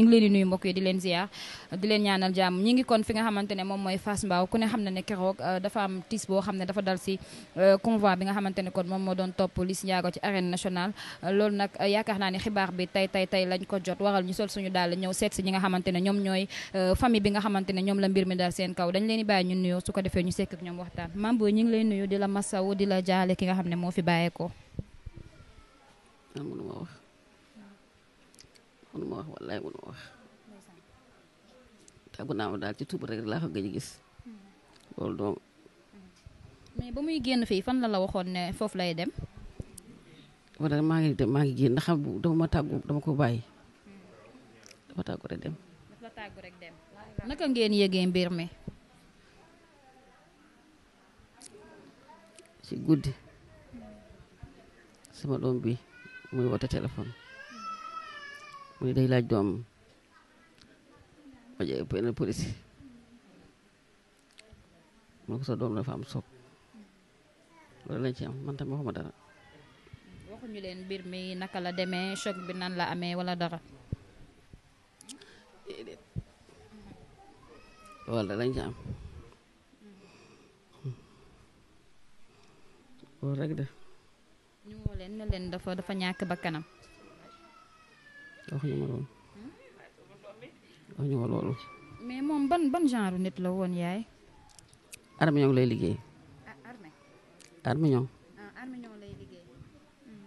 ñu ngi leen di nuyu mbokk yi di leen ziar di leen ñaanal jàmm ñi ngi kon fi nga xamante ne moom mooy Fass Mbao ku ne xam ne keroog euh, dafa am tiis xam ne dafa dal si euh, convoi bi nga xamante ne kon moom moo doon topp Liss Ndiago ci arène national euh, lool nag yaakaar naa ne xibaar bi tey tey tey lañ ko jot waral ñu sol suñu daal ñëw seet si ñi nga xamante ne ñoom ñooy famille bi nga xamante ne ñoom la mbir mi dal seen kaw dañ leen di bàyyi ñu nuyoo su ko defee ñu sekk ak ñoom waxtaan mam bo ñu ngi leen nuyu di la masawu di la jaale ki nga xam ne moo fi bàyyeekoo mënuma wax wallaay mënuma wax tàggu naa ma daal ci tuub rek laa ko gëj gis loolu doom mais ba muy génn fii fan la la waxoon ne foofu lay dem. wala maa ngi dem maa ngi génn ma tàggu dama ko bàyyi dama tàggu rek dem. dafa tàggu rek dem ngeen yëgee mbir mi. ci guddi sama doom bi muy woote téléphone. muy day laaj doomam ma jege benn police mu ne ko sa doom dafa am soog loolu lañ ci am man tamit waxuma dara. waxuñu leen mbir mi naka la demee choc bi nan la amee wala dara. wala lañ ci am loolu rek de. ñu woo leen ne dafa dafa ñàkk bakkanam waxuñu ma loolu waxuñu ma loolu. mais moom ban ban genre nit la woon yaay. armignon lay liggéey. ah armé. Ah, lay liggéey. Hmm.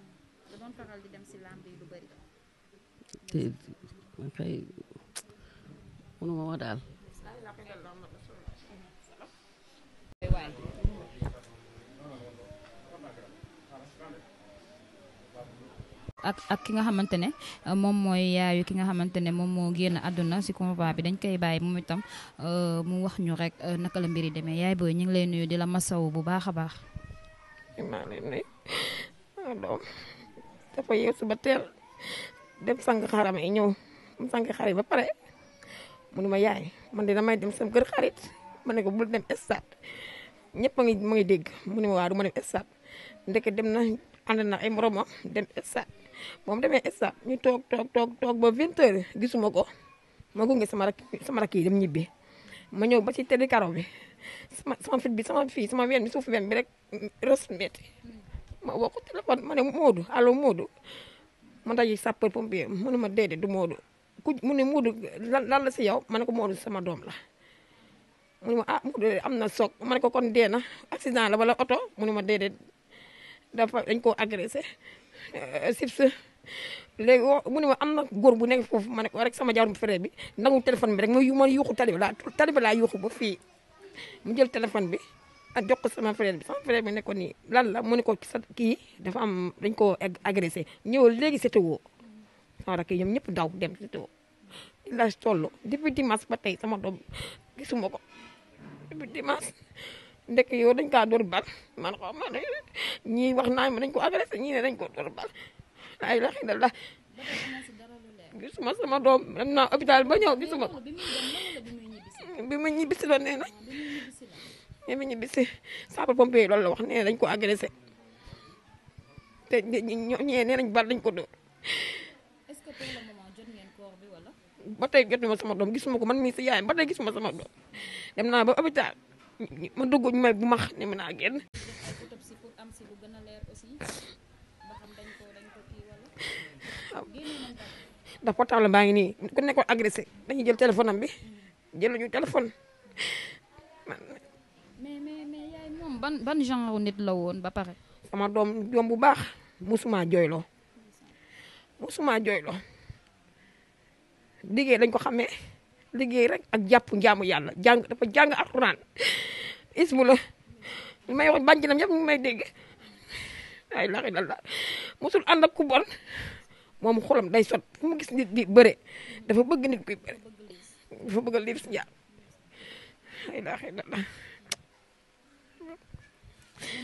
da doon daal. ak ki nga xamante ne euh, moom mooy yaayu ki nga xamante ne moom moo génn àdduna si convoi bi dañ koy bàyyi moom itam euh, mu wax ñu rek euh, naka la mbir demee yaay booy ñu ngi lay nuyu di la masaw bu baax a baax. maa ngi lay nuyu dafa yeesu ba teel dem sang xaram ma yaay man de ko bul dem stade dégg mu ne ma waa du na ànd na ay dem stade. moom demee instant ñu toog toog toog toog ba 20 heures gisuma ko ma gunge sama rak sama rak yi dem ñibbi ma ñëw ba ci tëddi karo bi sama sama bi sama fi sama ween bi suuf ween bi rek res ma woo ko ma ne Moodu allo Moodu ma daji sapeur pompier mu ne ma déedéet du Moodu ku mu ne Moodu lan la si yow ma ne ko Moodu sama doom la. mu ne ma ah Moodu am na soog ma ne ko kon dee na accident la wala oto mu ne ma déedéet dafa dañ koo agressé. Euh, Sips léegi wax mu ne ma am na góor bu nekk foofu ma ne ko rek sama jaarum frère bi nangu téléphone bi rek ma yu ma yuuxu tali ba laa tali ba laa yuuxu ba fii mu jël téléphone bi ak jox ko sama frère bi sama frère bi ne ko nii lan la mu ne ko sa kii dafa am dañ koo agressé ñëwal léegi setewoo sama rakk yi ñëpp daw dem setewoo illaa toll depuis dimanche ba tey sama doom gisuma ko depuis dimanche ndekk yow dañ kaa dóor bal man xaw ma ne ñii wax naa ma dañ ko agressé ñii ne dañ ko dóor bal ay la xidal la gisuma sama doom dem naa hôpital ba ñëw gisuma ko bi nee na bi ma ñibbisi sapeur pompier loolu la wax nee dañ ko agressé te nañ bal dañ ko dóor ba tey jotuma sama doom gisuma ko man mii si yaayam ba tey gisuma naa ba hôpital ma dugg may bu max xam ne mën naa génn. ndax portable baa ngi nii ku nekkoon agressé dañuy jël téléphone am bi jëluñu téléphone. mais mais nit la woon ba pare. sama doom doom bu baax musuma jooyloo musuma jooyloo liggéey dañ ko xamee. liggéey rek ak jàpp njaamu yàlla jàng dafa jàng alxuraan ismu la may wax bàjjanam yëpp ñu may dégg ay laxi lalla mosul ànd ak ku moom xolam day sot fu mu gis nit di bëre dafa bëgg nit kuy bëre dafa bëgg liir si njaam ay laxi lalla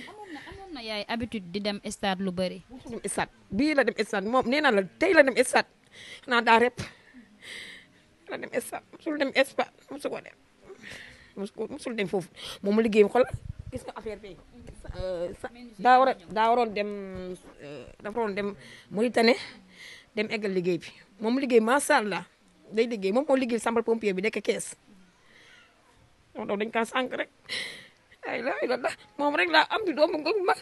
amoon na amoon na yaay habitude di dem stade lu bëri. mosul dem bii la dem stade moom nee naa la tey la dem stade xanaa daa rep la dem Espagne musul dem Espagne musu ko dem foofu moom liggéey xol gis nga affaire bi euh, daa war daa waroon dem euh, dafa waroon dem Mauritanie dem eggal liggéey bi moom liggéey macha allah day liggéey moom moo liggéey sàmbal pompier bi nekk kees dañ kaa sànq rek ay la ay la moom rek laa am di doomu ma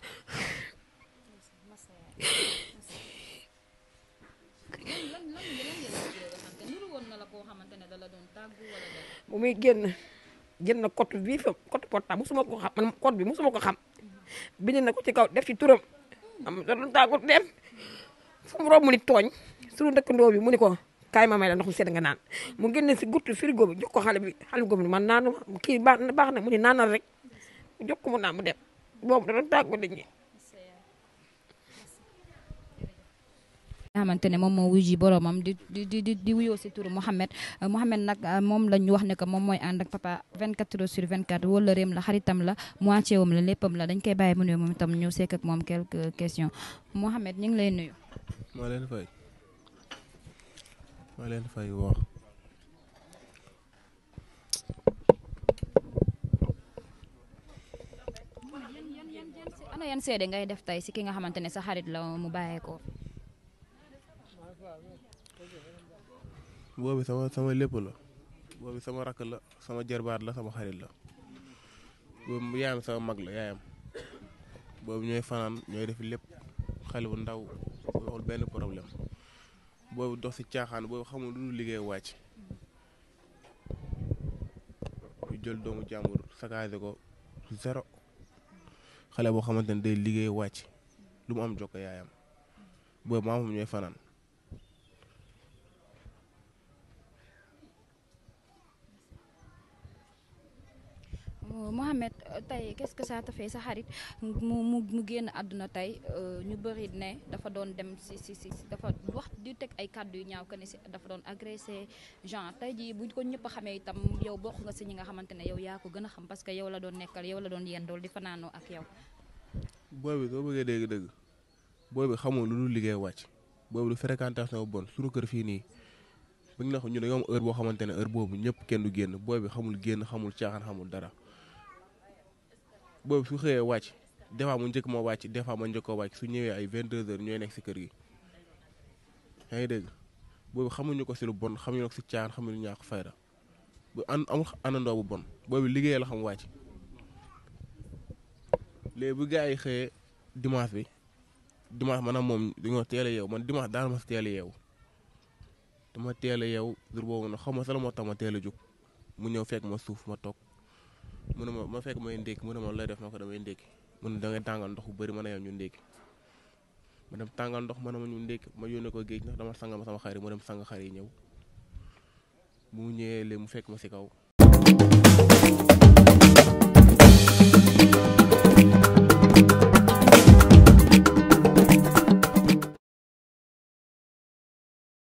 bu muy génn jënd na code bii fi code portable mosuma ko xam man code bi mosuma ko xam bind na ko ci kaw def ci turam am da doon tàggu dem fu mu romb ni tooñ sunu dëkkandoo bi mu ni ko kaay ma may la ndox mu sedd nga naan mu génne si guttu frigo bi jox ko xale bi xale bi man naanu kii baax na mu ni naanal rek jox ko mu naan mu dem boobu da doon tàggu nit xamante ne moom moo wuy ji boromam di di di di wuyoo si turu Mouhamed euh, Mouhamed nag euh, moom la ñu wax ne que moom mooy ànd ak papa 24 heures sur 24 wala réem la xaritam la moitié wam la dañ koy bàyyi mu ne moom itam ñu sekk ak moom quelques questions ñu ngi lay nuyu. maa leen fay maa leen ki nga xamante ne sa xarit boobi sama sama lépp la boobi sama rakk la sama jarbaat la sama xarit la boobu yaayam sama mag la yaayam boobu ñooy fanaan ñooy def lépp xale bu ndaw boobu amul benn problème boobu dox ci caaxaan boobu xamul lu liggéey wàcc ñu jël doomu jàmbur sakaase ko zéro xale boo xamante ne day liggéey wàcc lu mu am jokk yaayam boobu maamam fanaan Mouhamed tey qu'est-ce que ça te fait sa xarit mu mu mu génn àdduna tey euh, ñu bëri ne dafa doon dem si si si dafa wax di teg ay kàddu yu ñaaw que ne si dafa doon agressé genre tey jii bu ko ñëpp xamee itam yow bokk nga si ñi nga xamante ne yow yaa ko gën a xam parce que yow la doon nekkal yow la doon yendool di fanaanoo ak yow. booy bi soo bëggee dégg-dégg booy bi xamul lu dul liggéey wàcc boobu bi du fréquentation bu bon suñu kër fii nii. bu ñu la ñu dañoo am heure boo xamante ne heure boobu ñëpp kenn génn booy bi xamul génn xamul caaxaan xamul dara boobu su xëyee wàcc des mu njëkk moo wàcc des fois ma njëkkoo wàcc su ñëwee ay 22 heures ñooy nekk si kër gi yaa ngi dégg boobu xamuñu ko si lu bon xamuñu ko si caan xamuñu ñaax fayda bu an am anandoo bu bon boobu liggéey la xam wàcc léegi bu gars yi xëyee dimanche bi dimanche a moom dañoo teel a yeew man dimanche daal ma si teel a yeew dama teel a yeew jour boobu nag xaw ma sax la moo tax ma teel a jóg mu ñëw fekk ma suuf ma toog mu ne ma ma fekk may ndékki mu ne ma lay def ma ko damay ndékki mu ne da ngay tàngal ndox bu bëri mën a yow ñu ndékki ma dem tàngal ndox ma ne ma ñu ndékki ma yónnee ko géej ndax dama sanga ma sama xar yi mu dem sang xar yi ñëw mu ñëwee léegi mu fekk ma si kaw.